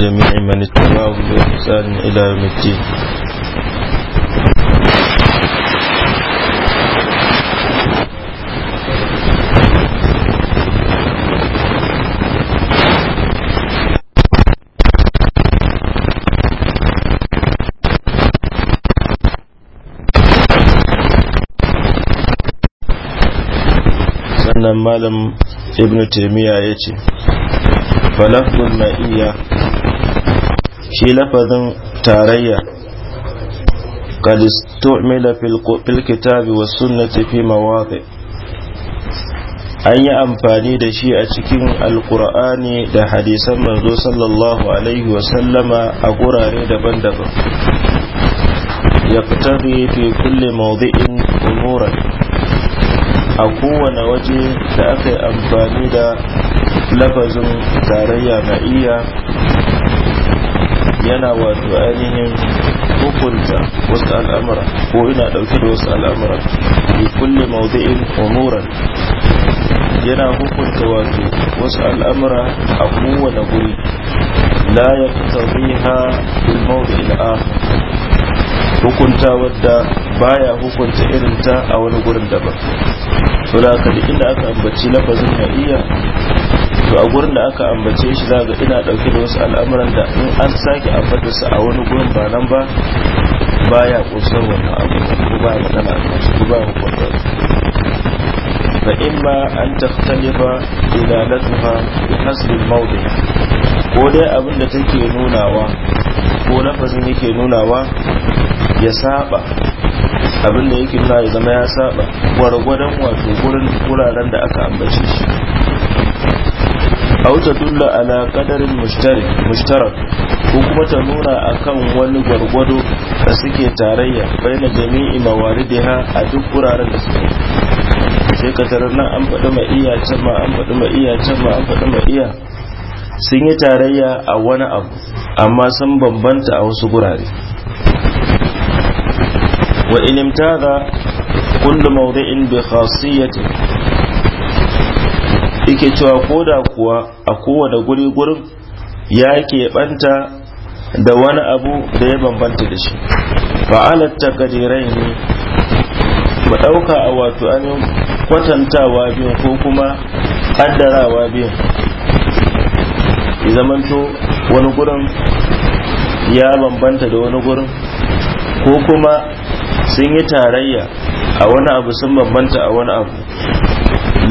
جميع من اتبعهم بإحسان إلى يوم الدين sannan malam ibn taimiyya ya ce falafin ma'iyya shi lafazin tarayya قد fil في الكتاب والسنة في مواضع an yi amfani da shi a cikin alkur'ani da hadisan manzo sallallahu alaihi wa sallama a gurare daban-daban ya fitari fi kulle maudu'in umura a kowane waje da aka yi amfani da lafazin tarayya na iya. yana wato ainihin hukunta wasu al'amura ko yana ɗauke da wasu al'amura bi kulle maudu'in umuran yana hukunta wato wasu al'amura a kowane guri la ya ha bil maudu'il a hukunta wadda baya hukunta irin ta a wani gurin daban saboda haka inda aka ambaci lafazin na iya to a gurin da aka ambace shi za ga ina ɗauke da wasu al'amuran da in an sake su a wani gurin ba nan ba ba ya ƙunsar wannan abu ko ba ya matsala a kansu ko ba ya hukuntar ba in ma an taftalifa ilalatuha bi hasbi mawdi ko dai abin da take nunawa ko lafazin yake nunawa ya saba abin da yake nuna ya zama ya saba gwargwadon wato gurin wuraren da aka ambace shi aw ta dulla ala qadarin mushtarak ko kuma ta nuna akan wani gwargwado da suke tarayya baina jami'i mawaridiha a duk wuraren da suke sai ka tarar nan an faɗi ma iya can ma an faɗi ma iya can ma an faɗi ma iya sun yi tarayya a wani abu amma sun bambanta a wasu gurare wa inimtaza kullu mawdi'in bi khasiyyatin yake cewa ko da kuwa a kowane guri gurin ya keɓanta da wani abu da ya bambanta da shi fa'alar takadirai ne mu ɗauka a wato anin kwatantawa biyun ko kuma ƙaddarawa biyun zamanto wani gurin ya bambanta da wani gurin ko kuma sun yi tarayya a wani abu sun bambanta a wani abu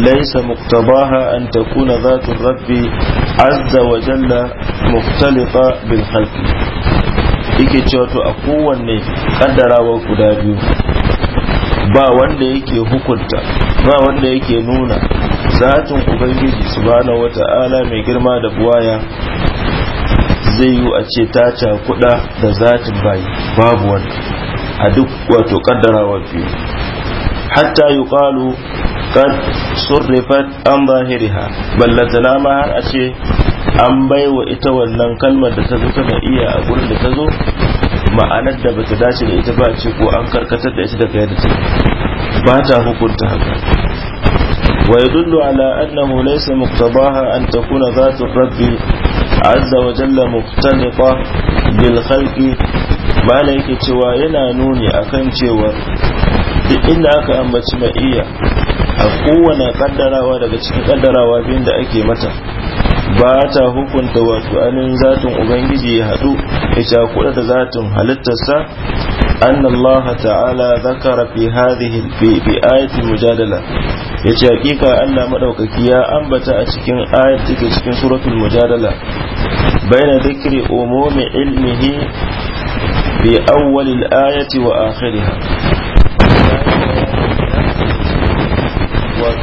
ليس مقتضاها أن تكون ذات الرب عز وجل مختلطة بالخلق yake cewa to a kowanne kaddarawa guda biyu ba wanda yake hukunta ba wanda yake nuna zatin ubangiji wata wata'ala mai girma da buwaya zai yi a ce ta cakuda da zatin bayi babu wanda a duk wato kaddarawa biyu hatta yuqalu kad surrifat an ballata na ma har a ce an wa ita wannan kalmar da ta zo ta iya a gurin da ta zo ma'anar da bata dace da ita ba ce ko an karkatar da ita da yadda ta ba ta hukunta haka wa yadullu ala annahu laysa muqtadaha an takuna zatu rabbi azza wa jalla muqtanita bil khalqi mala yake cewa yana nuni akan cewa duk inda aka ambaci ma'iya a kowane kaddarawa daga cikin kaddarawa biyun da ake mata ba ta hukunta wato anin zatin ubangiji ya haɗu ya sha da zatin halittarsa an Allah ta'ala zakara fi hadhihi fi bi ayati mujadala ya ce hakika Allah madaukaki ya ambata a cikin ayat take cikin suratul mujadala baina dhikri umumi ilmihi bi awwalil ayati wa akhiriha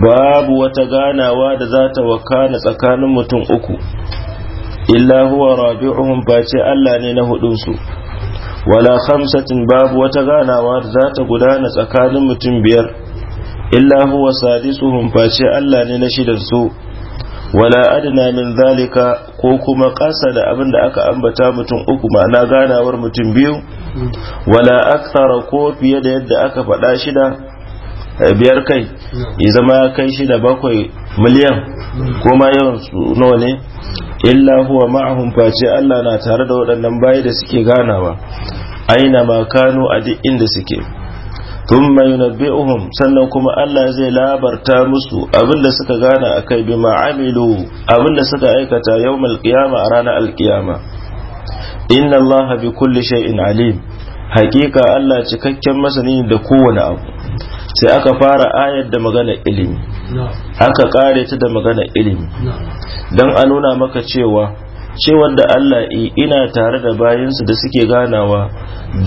babu wata ganawa da za ta wakana tsakanin mutum uku illa huwa rabi'uhum face Allah ne na hudunsu wala khamsatin babu wata ganawa da za ta gudana tsakanin mutum biyar illa huwa sadisuhum ce Allah ne na su wala adna min zalika ko kuma kasa da abin da aka ambata mutum uku ma'ana ganawar mutum biyu wala akthara ko fiye da yadda aka faɗa shida biyar kai ya zama ya kai shi da bakwai miliyan kuma yawan su nawa ne illa huwa ma'ahum face Allah na tare da waɗannan bayi da suke ganawa aina ma kanu a duk inda suke Tun thumma yunabbi'uhum sannan kuma Allah zai labarta musu abinda suka gana kai bi ma'amilu abinda suka aikata yau qiyama a ranar alkiyama. inna Allah bi kulli shay'in alim hakika Allah cikakken masani da kowane abu sai aka fara ayar da magana ilimi aka kare ta da magana ilimi don a nuna maka cewa cewar da Allah ina tare da bayansu da suke ganawa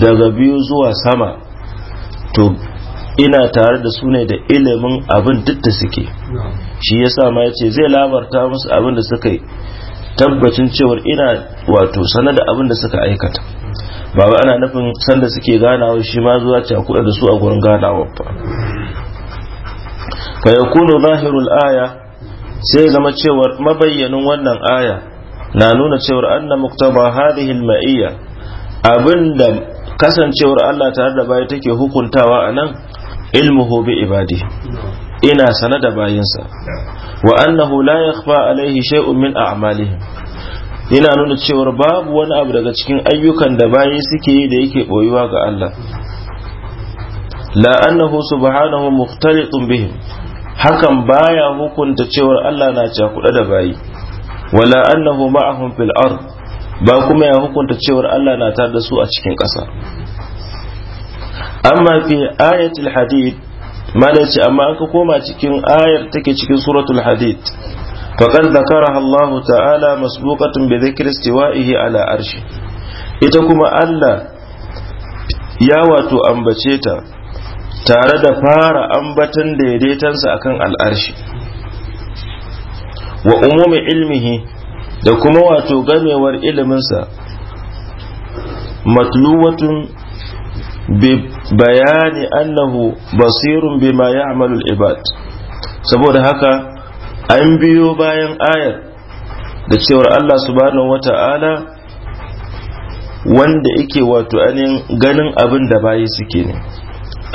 daga biyu zuwa sama to ina tare da su da ilimin abin duk da suke shi yasa ma ya ce zai labarta musu abin da suka yi tabbacin cewar ina wato sanar da abin da suka aikata ba wai ana nufin sanda suke ganawa shi ma zuwa kuɗa da su a gurin ganawa ba fa kunu zahirul aya sai zama cewar mabayyanin wannan aya na nuna cewar anna muktaba hadhihi al-ma'iyya abinda kasancewar Allah tare da bayi take hukuntawa anan ilmuhu bi ibadi ina sane da bayinsa wa annahu la yakhfa alaihi shay'un min a'malihim yana nuna cewar babu wani abu daga cikin ayyukan da bayi suke yi da yake boyuwa ga Allah la annahu subhanahu mukhtalitun bihim hakan baya hukunta cewar Allah na cakuɗa da bayi wala annahu ma'ahum fil ard ba kuma ya hukunta cewar Allah na tar da su a cikin ƙasa amma fi ayatul hadid mana ce amma an ka koma cikin ayar take cikin suratul hadid فقد ذكرها الله تعالى مسبوقة بذكر استوائه على أرشه إتكما ألا ياوات أنبتشيتا تارد فار أنبتا ديديتا سأكن الأرش وأموم علمه da kuma wato gamewar مطلوة ببيان أنه بصير بما يعمل العباد ibad saboda haka an biyo bayan ayar da cewar Allah subhanahu wata'ala wanda yake wato anin ganin abin da bayi suke ne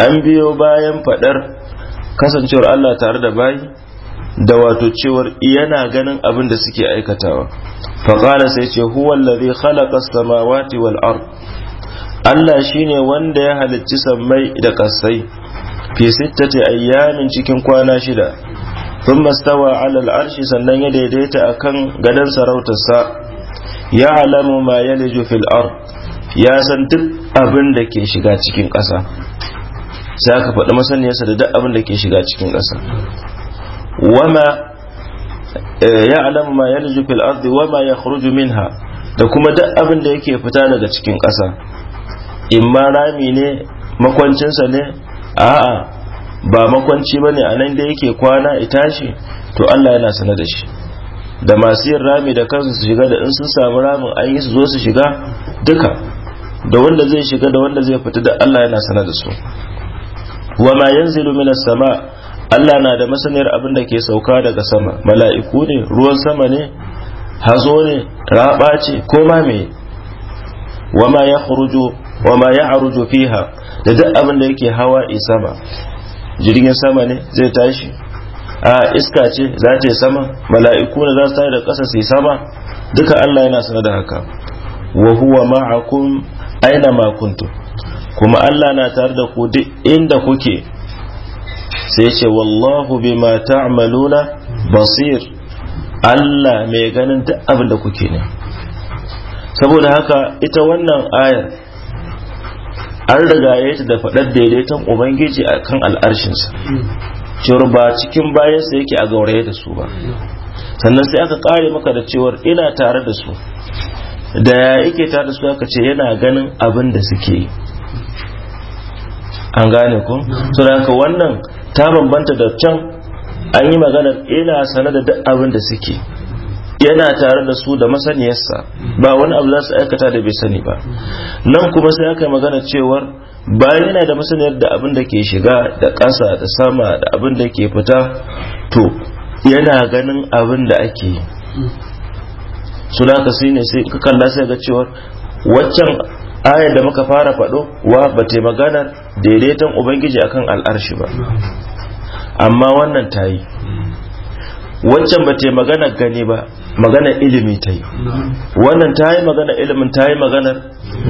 an biyo bayan fadar kasancewar Allah tare da bayi da wato cewar yana ganin abin da suke aikatawa faƙala sai ce huwa allazi khalaqa samawati wal ard Allah shine wanda ya halicci sammai da kasai fi sittati ayyamin cikin kwana shida ثم استوى على العرش sannan ya daidaita kan gadon sarautarsa ya alamu ma ya fil ard ya san duk abin da ke shiga cikin ƙasa sai aka faɗi masaniyarsa da duk abin da ke shiga cikin ƙasa wama ya alamu ma ya fil ard wama yakhruju minha da kuma duk abin da yake fita daga cikin ƙasa in ma rami ne makwancinsa ne a'a ba makwanci ba ne a nan da yake kwana ita shi to Allah yana sanar da shi da masu yin rami da kansu su shiga da in sun samu ramin an yi su zo su shiga duka da wanda zai shiga da wanda zai fita da Allah yana sanar da su wa ma yanzilu minas sama Allah na da masaniyar abin da ke sauka daga sama mala'iku ne ruwan sama ne hazo ne raba ce ko ma me wa ma ya wa ma ya'ruju fiha da duk abin da yake hawa isama jirgin sama ne zai tashi a iska ce za ta yi sama mala'iku ne za su tare da ƙasa su sama duka Allah yana sanar da haka wa huwa ma'akum aina ma kuma Allah na tare da ku duk inda kuke sai ce wallahu bima ta'maluna basir Allah mai ganin duk abin da kuke ne saboda haka ita wannan ayar an riga ya ta da faɗar daidaiton ubangiji a kan al'arshinsa cewar ba cikin bayansa yake a gauraye da su ba sannan sai aka kare maka da cewar ina tare da su da ya yake tare da su aka ce yana ganin abin da suke yi an gane ku su da wannan ta bambanta da can an yi maganar ina sane da duk abin da suke yana tare da su da masaniyarsa ba wani abu za su aikata da bai sani ba nan kuma sai aka magana cewar bayan yana da masaniyar da abin da ke shiga da kasa da sama da abin da ke fita to yana ganin abin da ake yi su da ka ne sai ka kalla sai ga cewar waccan ayar da muka fara faɗo wa ba ta maganar daidaiton ubangiji akan al'arshi ba amma wannan ta yi waccan ba ta magana gani ba maganar ilimi ta yi wannan ta yi maganar ilimin ta yi maganar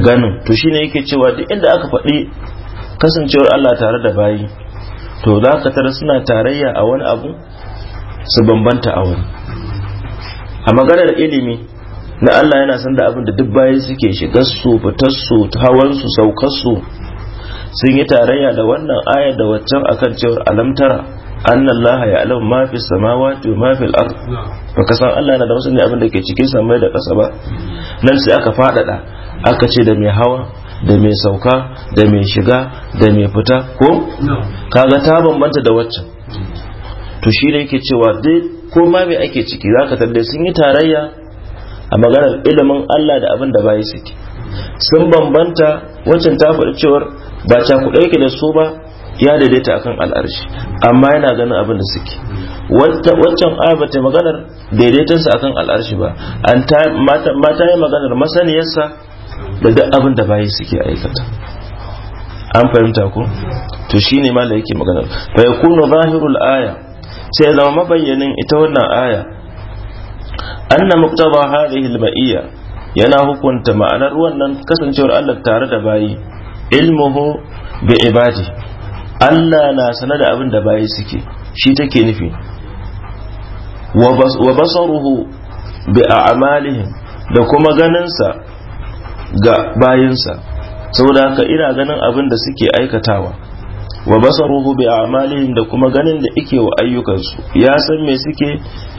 ganin to shine yake cewa duk inda aka faɗi kasancewar Allah tare da bayi to za ka tara suna tarayya a wani abu su bambanta a wani a maganar ilimi na Allah yana san da abin da duk bayi suke shigar su fitar su hawan su saukar su sun yi tarayya da wannan ayar da waccan akan cewar alamtara an Allah ya alau ma fi samawati wa ma fi al-ard baka san Allah yana da wasu ne abin da ke cikin samai da ƙasa ba nan sai aka faɗaɗa aka ce da mai hawa da mai sauka da mai shiga da mai fita ko kaga ta bambanta da waccan to shi ne yake cewa dai ko ma mai ake ciki zaka talle sun yi tarayya a maganar ilimin Allah da abin da bayi suke sun bambanta waccan ta faɗi cewar ba cakuɗe yake da su ba ya daidaita akan al'arshi amma yana ganin abin da suke waccan aya ba ta maganar daidaitansa akan al'arshi ba an mata yi maganar masaniyarsa da duk abin da bayi suke aikata an fahimta ko to shine ma da yake maganar fa yakunu zahirul aya sai ya zama mabayyanin ita wannan aya anna muktaba hadhihi al-ma'iyya yana hukunta ma'anar wannan kasancewar Allah tare da bayi ilmuhu bi ibadi Allah na sanar da abin da bayi suke shi take nufi wa basaruhu bi a'malihim da kuma ganinsa ga bayinsa saboda haka ina ganin abin da suke aikatawa wa basaruhu bi a'malihim da kuma ganin da ike wa ayyukansu ya san me suke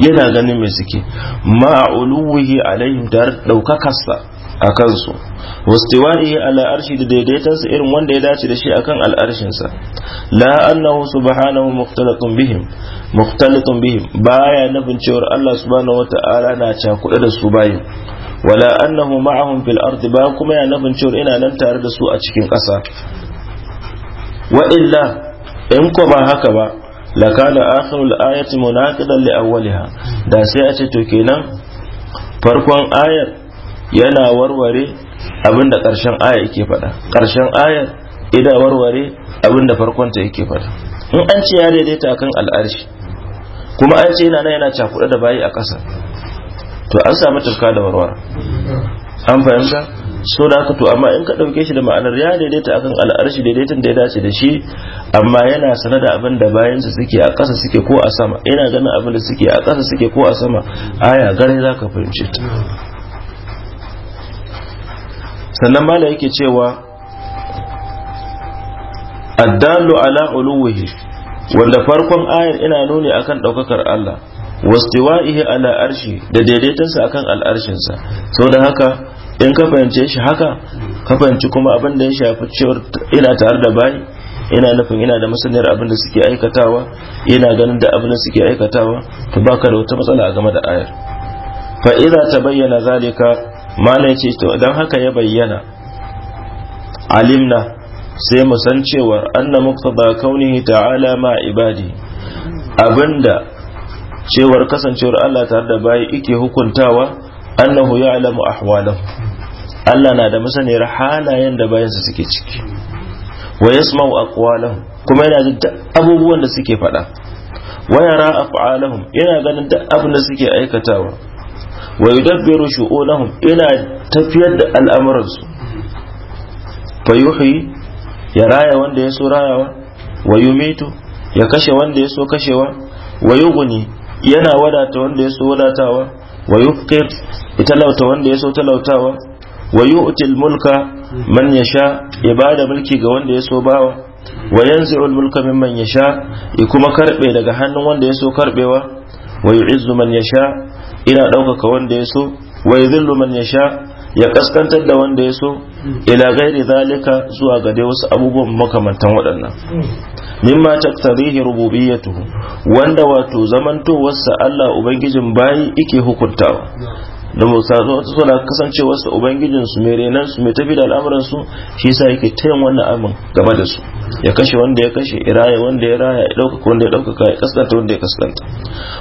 yana ganin me suke ma'uluhi alaihim dar daukakarsa a kansu wastiwa'i ala arshi da daidaitan su irin wanda ya dace da shi akan al'arshinsa la annahu subhanahu mukhtalatun bihim mukhtalatun bihim baya nufin cewar Allah subhanahu wata'ala na cakuɗe da su bayin wala annahu ma'ahum fil ardi ba kuma ya nufin cewar ina nan tare da su a cikin ƙasa wa illa in ko ba haka ba lakana akhirul ayati munaqidan li awwaliha da sai a ce to kenan farkon ayar yana warware abin da ƙarshen aya yake faɗa ƙarshen ayar ida warware abin da farkonta yake faɗa in an ce ya daidaita akan al'arshi kuma an ce yana nan yana cakuɗa da bayi a ƙasa to an samu turka da warware an fahimta so da haka to amma in ka ɗauke shi da ma'anar ya daidaita akan al'arshi daidaitan da ya dace da shi amma yana sanar da abin da bayansa suke a ƙasa suke ko a sama yana ganin abin da suke a ƙasa suke ko a sama aya gare za ka fahimce ta sannan mala yake cewa Addalu ala uluwihi wanda farkon ayar ina nuni akan ɗaukakar Allah wastiwa'ihi ala arshi da daidaitonsa akan sa sau da haka in ka fahimce shi haka ka fahimci kuma abin da ya shafi cewar ina tare da bayi ina nufin ina da masaniyar abin da suke aikatawa ina ganin da abin da suke aikatawa to baka da wata matsala a game da ayar fa idza tabayyana zalika ya ce to idan haka ya bayyana alimna sai mu san cewar anna muqtada kaunihi ta'ala ma ibadi abinda cewar kasancewar Allah tare da bayi yake hukuntawa annahu ya'lamu ahwalahu Allah na da masaniyar halayen da bayansa suke ciki wa yasma'u aqwalahum kuma yana da abubuwan da suke faɗa wa yara af'alahum yana ganin duk abin da suke aikatawa wa yudabbiru shu'unahum ina tafiyar da al'amuransu fa yuhi ya raya wanda ya so rayawa wa yumitu ya kashe wanda ya so kashewa wa yughni yana wadata wanda ya so wadatawa wa yufqir ya talauta wanda ya so talautawa wa yu'til mulka man yasha ya bada mulki ga wanda ya so bawa wa yanzi'u mulka mimman yasha ya kuma karbe daga hannun wanda ya so karbewa wa yu'izzu man yasha ina ɗaukaka wanda ya so wa yadhillu man sha ya kaskantar da wanda ya so ila gairi zalika zuwa ga dai wasu abubuwan makamantan waɗannan mimma taktarihi rububiyyatuhu wanda wato zamantowarsa Allah ubangijin bayi yake hukuntawa da bauta zuwa su da kasance wasu ubangijin su mere nan su mai tafi da al'amuran su shi sa yake tayin wannan abin game da su ya kashe wanda ya kashe iraya wanda ya raya ya dauka wanda ya dauka ya kaskanta wanda ya kaskanta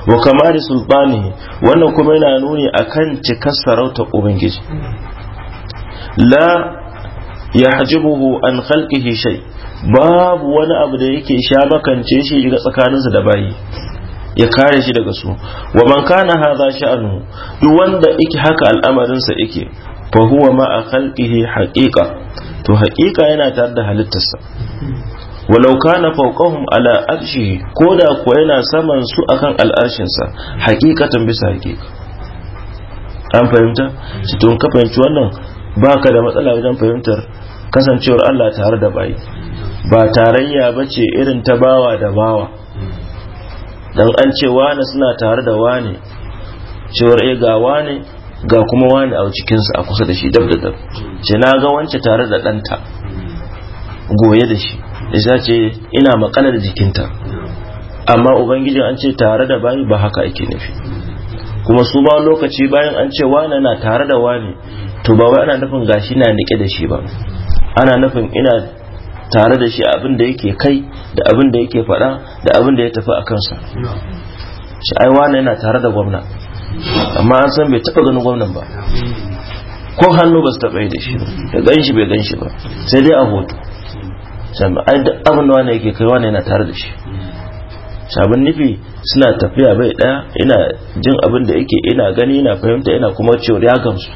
wa kamari sulbani wannan kuma yana nuni akan cikar sarauta ubangiji la ya hajibuhu an khalqihi shay babu wani abu da yake sha makance shi ga tsakaninsa da bayi ya kare shi daga su wa man kana hadha sha'anu duk wanda yake haka al'amarinsa yake fa huwa a khalqihi haqiqa to haqiqa yana tare da halittarsa walau kana fawqahum ala arshihi ko ko yana saman su akan al'arshinsa haqiqatan bisa haqiqa an fahimta shi to ka fahimci wannan baka da matsala wajen fahimtar kasancewar Allah tare da bai ba tarayya bace irin ta bawa da bawa dan an ce wane suna tare da wane cewar eh ga wane ga kuma wane a cikinsa a kusa da shi dab da dab ce na ga wance tare da ɗanta goye da shi isa ce ina makana da jikinta amma ubangijin an ce tare da bayi ba haka ake nufi kuma su ba lokaci bayan an ce wane na tare da wane to ba wai ana nufin gashi na nike da shi ba ana nufin ina tare da shi abin da yake kai da abin da yake faɗa da abin da ya tafi a kansa shi ai wane yana tare da gwamna amma an san bai taɓa ganin gwamnan ba ko hannu ba su taɓa yi da shi da ganshi bai ganshi ba sai dai a hoto sami ai da abin da wane yake kai wane yana tare da shi sabon nufi suna tafiya bai ɗaya ina jin abin da yake ina gani ina fahimta ina kuma cewa ya gamsu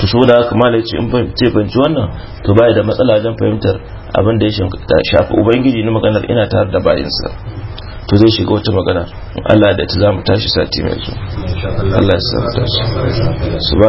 to so da haka malai ce in ce fahimci wannan to baya da matsala wajen fahimtar abin da ya shafi ubangiji na maganar ina ta da bayansa to zai shiga wata magana Allah da ta za mu tashi sati mai zuwa Allah ya sa mu tashi